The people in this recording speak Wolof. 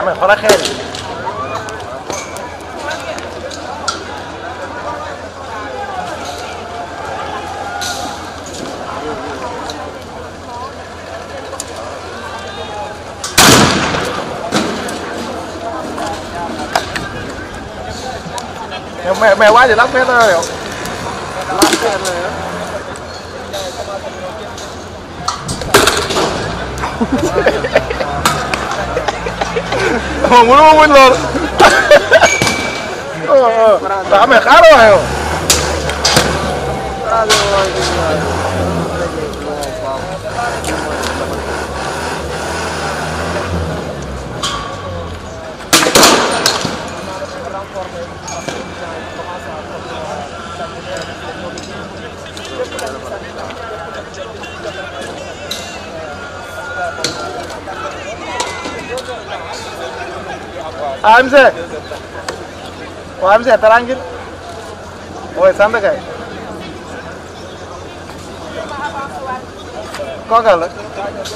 عم فرا خالد mẹ mẹ quá thì lắc mét rồi lắc mét rồi moom oh, mënuma muñ lool. waaw oh, oh. ah, mais xaaral waay yow. Thank you. ആ അംസേ ഓ അംസേ തരാങ്കിൽ ഓയ് സന്തക്കായ് കോക്കാള്